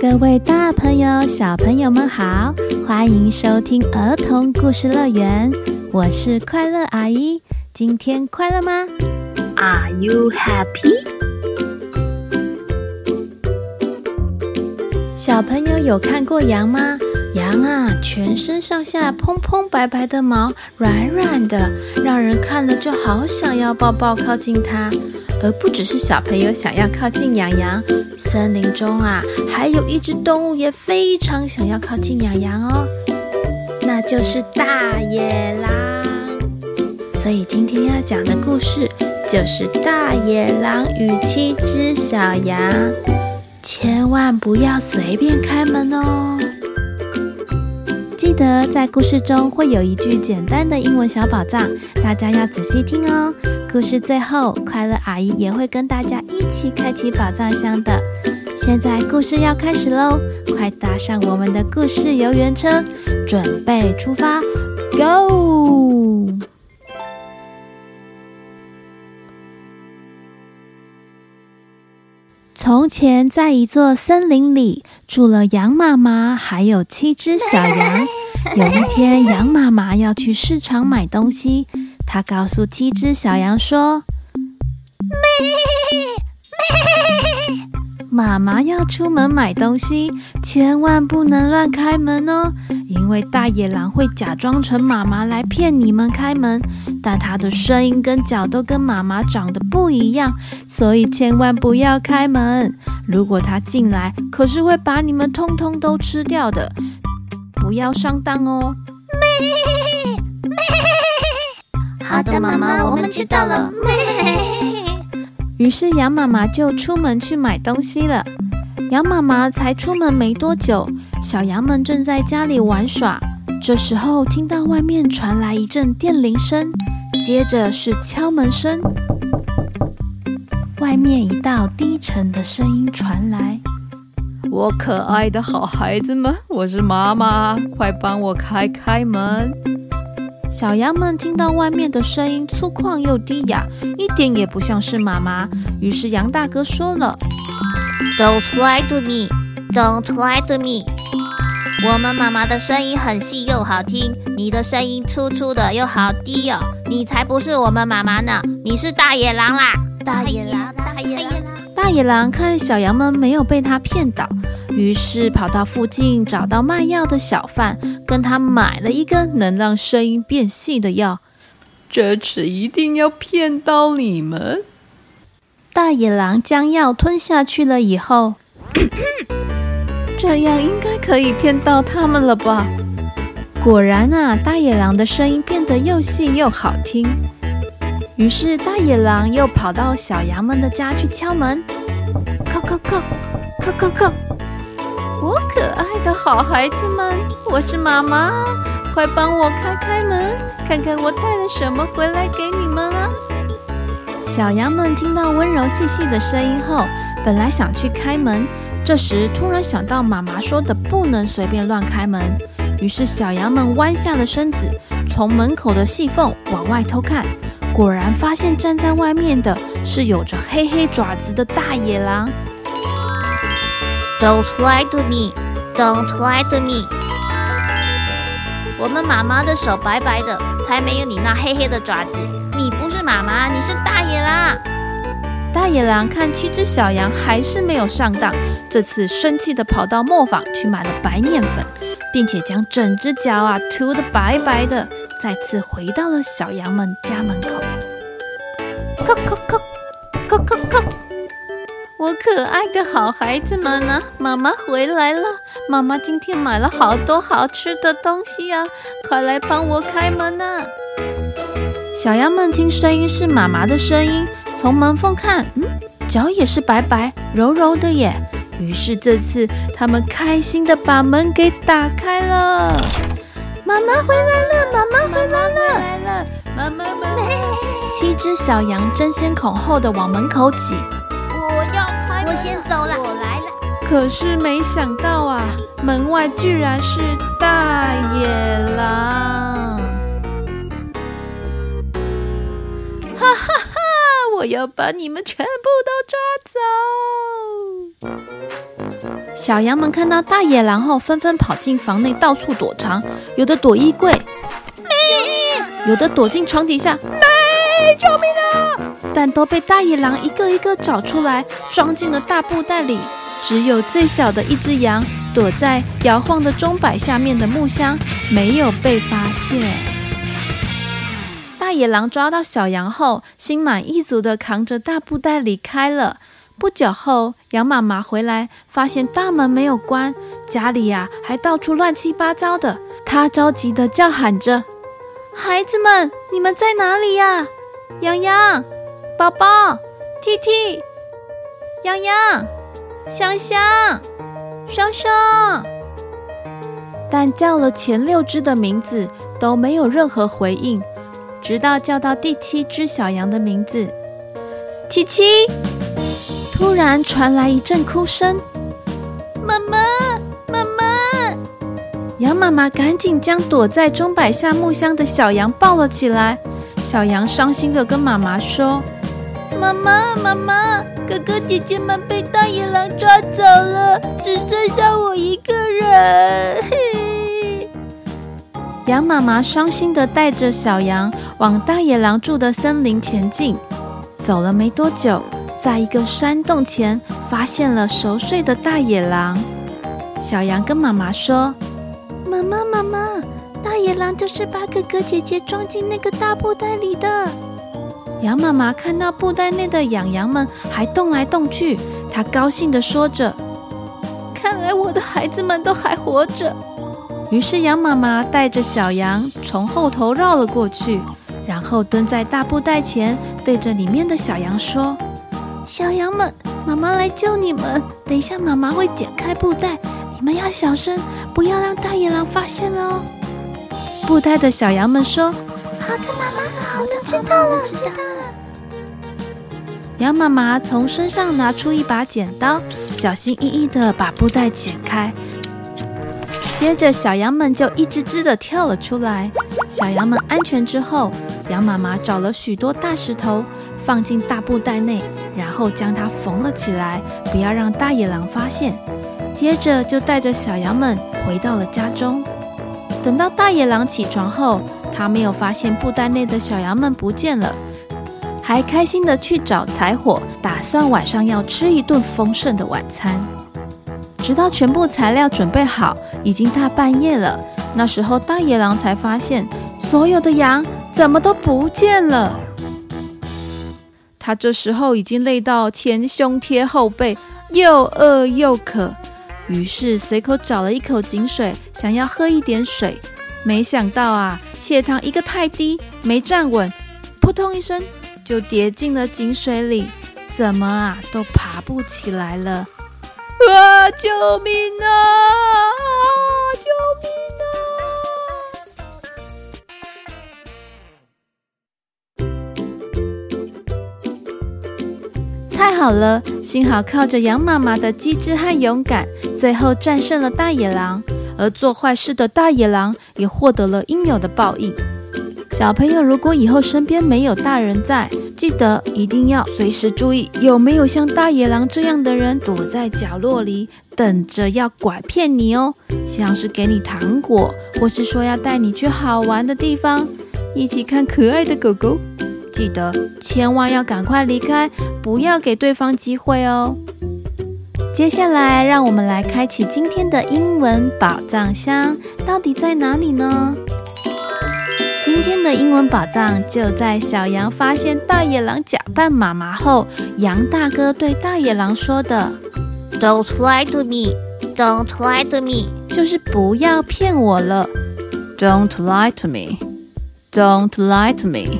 各位大朋友、小朋友們好，歡迎收聽兒童故事樂園，我是快樂阿姨。今天快樂嗎？Are you happy？小朋友有看過羊嗎？羊啊，全身上下蓬蓬白白的毛，軟軟的，讓人看了就好想要抱抱靠近它。而不只是小朋友想要靠近羊羊，森林中啊，還有一隻動物也非常想要靠近羊羊哦，那就是大野狼。所以今天要講的故事就是大野狼與七隻小羊。千萬不要隨便開門哦！記得在故事中會有一句簡單的英文小寶藏，大家要仔細聽哦。故事最後，快樂阿姨也會跟大家一起開啟寶藏箱的。現在故事要開始嘍，快搭上我們的故事遊園車，準備出發，Go！從前，在一座森林裡，住了羊媽媽，還有七只小羊。 有一天，羊媽媽要去市場買東西。他告訴七隻小羊說：“咩咩，媽媽要出門買東西，千萬不能亂開門哦。因為大野狼會假裝成媽媽來騙你們開門，但它的聲音跟腳都跟媽媽長得不一樣，所以千萬不要開門。如果它進來，可是會把你們通通都吃掉的，不要上當哦。”咩咩的媽媽，我們知道了。咩。於是羊媽媽就出門去買東西了。羊媽媽才出門沒多久，小羊們正在家裡玩耍。這時候，聽到外面傳來一陣電鈴聲，接着是敲門聲。外面一道低沉的聲音傳來：“我可愛的好孩子們，我是媽媽，快幫我開開門。”小羊們聽到外面的聲音粗獷又低啞，一點也不像是媽媽。於是羊大哥說了：“Don't lie to me, don't lie to me。”我們媽媽的聲音很細又好聽，你的聲音粗粗的又好低哦，你才不是我們媽媽呢，你是大野狼啦！大野狼，大野狼，大野狼！大野狼看小羊們沒有被他騙到。於是跑到附近找到賣藥的小販，跟他買了一根能讓聲音變細的藥。這次一定要騙到你們！大野狼將藥吞下去了以後咳咳，這樣應該可以騙到他們了吧？果然啊，大野狼的聲音變得又細又好聽。於是大野狼又跑到小羊們的家去敲門，敲敲敲，敲敲敲。可愛的好孩子們，我是媽媽，快幫我開開門，看看我帶了什麼回來給你們啦、啊。小羊們聽到溫柔細細的聲音後，本來想去開門，這時突然想到媽媽說的不能隨便亂開門，於是小羊們彎下了身子，從門口的細縫往外偷看，果然發現站在外面的是有着黑黑爪子的大野狼。Don't lie to me. Don't lie to me. 我們媽媽的手白白的，才沒有你那黑黑的爪子。你不是媽媽，你是大野狼。大野狼看七隻小羊還是沒有上當，這次生氣地跑到磨坊去買了白麵粉，並且將整隻腳啊塗得白白的，再次回到了小羊們家門口。扣扣扣，扣扣扣我可愛的好孩子們呢、啊，媽媽回來了。媽媽今天買了好多好吃的東西呀，啊！快來幫我開門吶，啊。小羊們聽聲音是媽媽的聲音，從門縫看，嗯，腳也是白白柔柔的耶。於是這次他們開心的把門給打開了。媽媽回來了，媽媽回來了，媽媽媽媽，媽，媽媽！七隻小羊爭先恐後的往門口擠。我要開，我先走了，我來。可是沒想到啊，門外居然是大野狼！哈哈哈！我要把你們全部都抓走！小羊們看到大野狼後，紛紛跑進房內，到處躲藏，有的躲衣櫃，救命啊，有的躲進床底下，救命，救命啊！但都被大野狼一個一個找出來，裝進了大布袋裡。只有最小的一隻羊躲在搖晃的鐘擺下面的木箱，沒有被發現。大野狼抓到小羊後，心滿意足地扛着大布袋離開了。不久後，羊媽媽回來，發現大門沒有關，家裡呀還到處亂七八糟的。她着急地叫喊着：“孩子們，你們在哪裡呀？羊羊，寶寶，T T，羊羊。”香香、雙雙，但叫了前六隻的名字都沒有任何回應，直到叫到第七隻小羊的名字七七，突然傳來一陣哭聲，媽媽，媽媽！羊媽媽趕緊將躲在鐘擺下木箱的小羊抱了起來，小羊傷心地跟媽媽說：“媽媽，媽媽。”哥哥姐姐們被大野狼抓走了，只剩下我一個人。嘿。羊媽媽傷心的帶着小羊往大野狼住的森林前進。走了沒多久，在一個山洞前發現了熟睡的大野狼。小羊跟媽媽說：“媽媽媽媽，大野狼就是把哥哥姐姐裝進那個大布袋裡的。”羊媽媽看到布袋內的羊羊們還動來動去，她高興地說着：“看來我的孩子們都還活着。”於是羊媽媽帶着小羊從後頭繞了過去，然後蹲在大布袋前，對着裡面的小羊說：“小羊們，媽媽來救你們。等一下媽媽會剪開布袋，你們要小聲，不要讓大野狼發現哦。”布袋的小羊們說。好的，媽媽，好的，好的，媽媽，知道了，知道了，知道了。羊媽媽從身上拿出一把剪刀，小心翼翼的把布袋剪開，接着小羊們就一隻隻的跳了出來。小羊們安全之後，羊媽媽找了許多大石頭放進大布袋內，然後將它縫了起來，不要讓大野狼發現。接着就帶着小羊們回到了家中。等到大野狼起床後。他沒有發現布袋內的小羊們不見了，還開心的去找柴火，打算晚上要吃一頓豐盛的晚餐。直到全部材料準備好，已經大半夜了。那時候大野狼才發現所有的羊怎麼都不見了。他這時候已經累到前胸貼後背，又餓又渴，於是隨口找了一口井水，想要喝一點水。沒想到啊！血糖一個，太低、沒站穩，撲通一聲就跌進了井水裡，怎麼啊都爬不起來了！啊，救命啊，啊！救命啊！太好了，幸好靠着羊媽媽的機智和勇敢，最後戰勝了大野狼，而做壞事的大野狼，也獲得了應有的報應。小朋友，如果以後身邊沒有大人在，記得一定要隨時注意有沒有像大野狼這樣的人躲在角落裡，等着要拐騙你哦。像是給你糖果，或是說要帶你去好玩的地方，一起看可愛的狗狗。記得千萬要趕快離開，不要給對方機會哦。接下來，讓我們來開啟今天的英文寶藏箱，到底在哪裡呢？今天的英文寶藏就在小羊發現大野狼假扮媽媽後，羊大哥對大野狼說的：“Don't lie to me, don't lie to me”，就是不要騙我了。“Don't lie to me, don't lie to me”，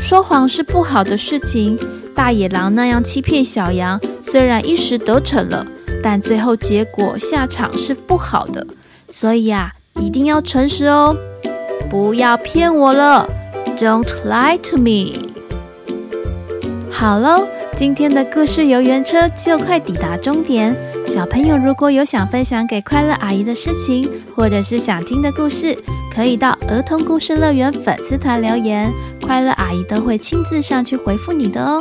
說謊是不好的事情。大野狼那樣欺騙小羊。雖然一時得逞了，但最後結果下場是不好的，所以呀，一定要誠實哦，不要騙我了，Don't lie to me。好嘍，今天的故事遊園車就快抵達終點，小朋友如果有想分享給快樂阿姨的事情，或者是想聽的故事，可以到兒童故事樂園粉絲團留言，快樂阿姨都會親自上去回覆你的哦。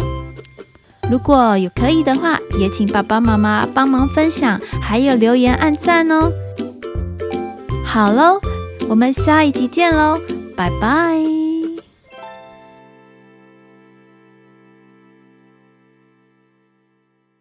如果有可以的話，也請爸爸媽媽幫忙分享，還有留言按讚哦。好嘍，我們下一集見嘍，拜拜。